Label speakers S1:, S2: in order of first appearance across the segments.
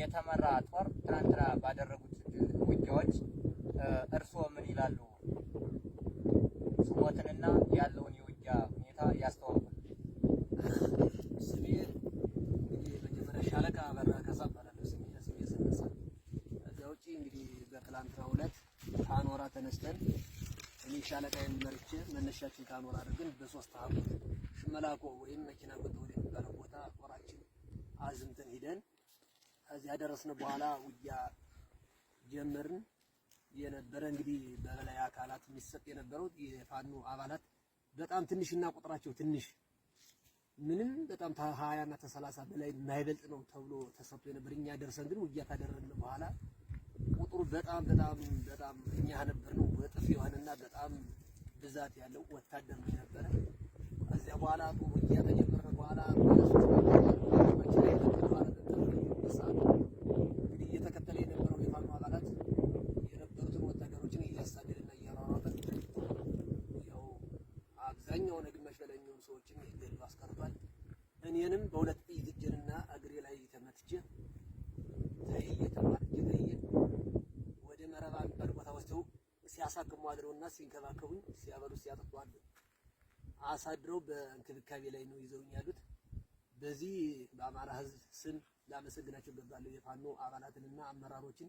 S1: የተመራ ጦር ትናንትና ባደረጉት ውጊያዎች እርስዎ ምን ይላሉ? ሹሞትንና ያለውን የውጊያ ሁኔታ ያስተዋሉ።
S2: ስሜ መጀመሪያ ሻለቃ በራ ስሜ ስሜ ስነሳ ውጭ እንግዲህ ከአኖራ ተነስተን እኔ ሻለቃ መርቼ መነሻችን ከአኖራ አድርገን በሶስት ሽመላቆ ወይም መኪና ወደ የሚባለው ቦታ ወራችን አዝምተን ሂደን ከዚያ ደረስን በኋላ ውጊያ ጀመርን። የነበረ እንግዲህ በበላይ አካላት የሚሰጥ የነበረው የፋኖ አባላት በጣም ትንሽ እና ቁጥራቸው ትንሽ ምንም በጣም ከሀያ እና ከሰላሳ በላይ የማይበልጥ ነው ተብሎ ተሰጥቶ የነበር። እኛ ደርሰን ግን ውጊያ ካደረግን በኋላ ቁጥሩ በጣም በጣም በጣም እኛ ነበር ነው እጥፍ የሆነና በጣም ብዛት ያለው ወታደር ነበረ። ከዚያ በኋላ ውጊያ ሰዎችን ገድሎ አስቀርቷል። እኔንም በሁለት ጥይት እጄንና እግሬ ላይ ተመትቼ ተይዬ ተማትቼ ወደ መረባ የሚባል ቦታ ወስደው ሲያሳክሙ አድረውና ሲንከባከቡኝ ሲያበሉ ሲያጠጡ አሳድረው በእንክብካቤ ላይ ነው ይዘውኝ ያሉት። በዚህ በአማራ ሕዝብ ስም ላመሰግናቸው ይገባል። የፋኖ አባላትንና አመራሮችን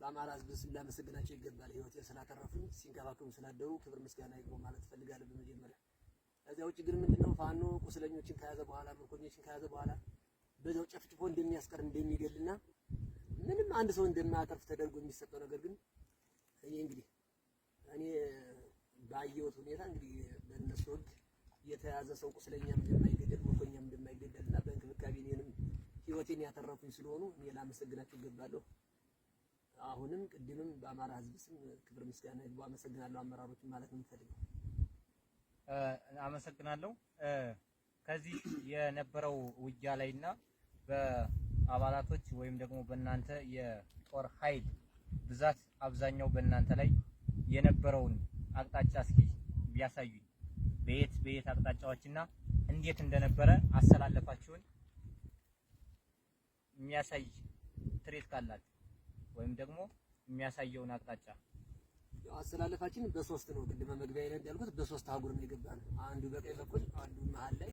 S2: በአማራ ሕዝብ ስም ላመሰግናቸው ይገባል። ሕይወቴን ስላተረፉኝ ሲንከባከቡ ስላደሩ ክብር ምስጋና ይግባው ማለት እፈልጋለሁ በመጀመሪያ ከዚያ ውጭ ግን ምንድነው ፋኖ ቁስለኞችን ከያዘ በኋላ ምርኮኞችን ከያዘ በኋላ በዛው ጨፍጭፎ እንደሚያስቀር እንደሚገልና ምንም አንድ ሰው እንደማያተርፍ ተደርጎ የሚሰጠው ነገር ግን እኔ እንግዲህ እኔ ባየሁት ሁኔታ እንግዲህ በእነሱ ህግ የተያዘ ሰው ቁስለኛም እንደማይገደል ምርኮኛም እንደማይገደል እና በእንክብካቤ እኔንም ህይወቴን ያተረፉኝ ስለሆኑ እኔ ላመሰግናቸው ይገባለሁ። አሁንም ቅድምም በአማራ ህዝብ ስም ክብር ምስጋና ይግባ አመሰግናለሁ። አመራሮችን ማለት ነው የምፈልገው
S1: አመሰግናለሁ። ከዚህ የነበረው ውጊያ ላይና በአባላቶች ወይም ደግሞ በእናንተ የጦር ኃይል ብዛት አብዛኛው በእናንተ ላይ የነበረውን አቅጣጫ እስኪ ቢያሳዩኝ በየት በየት አቅጣጫዎችና እንዴት እንደነበረ አሰላለፋችሁን የሚያሳይ ትሬት ካላችሁ ወይም ደግሞ የሚያሳየውን አቅጣጫ
S2: አስተላለፋችን በሶስት ነው። ቅድመ መግቢያ ላይ እንዳልኩት በሶስት አጉር ነው የገባነው። አንዱ በቀኝ በኩል አንዱ መሀል ላይ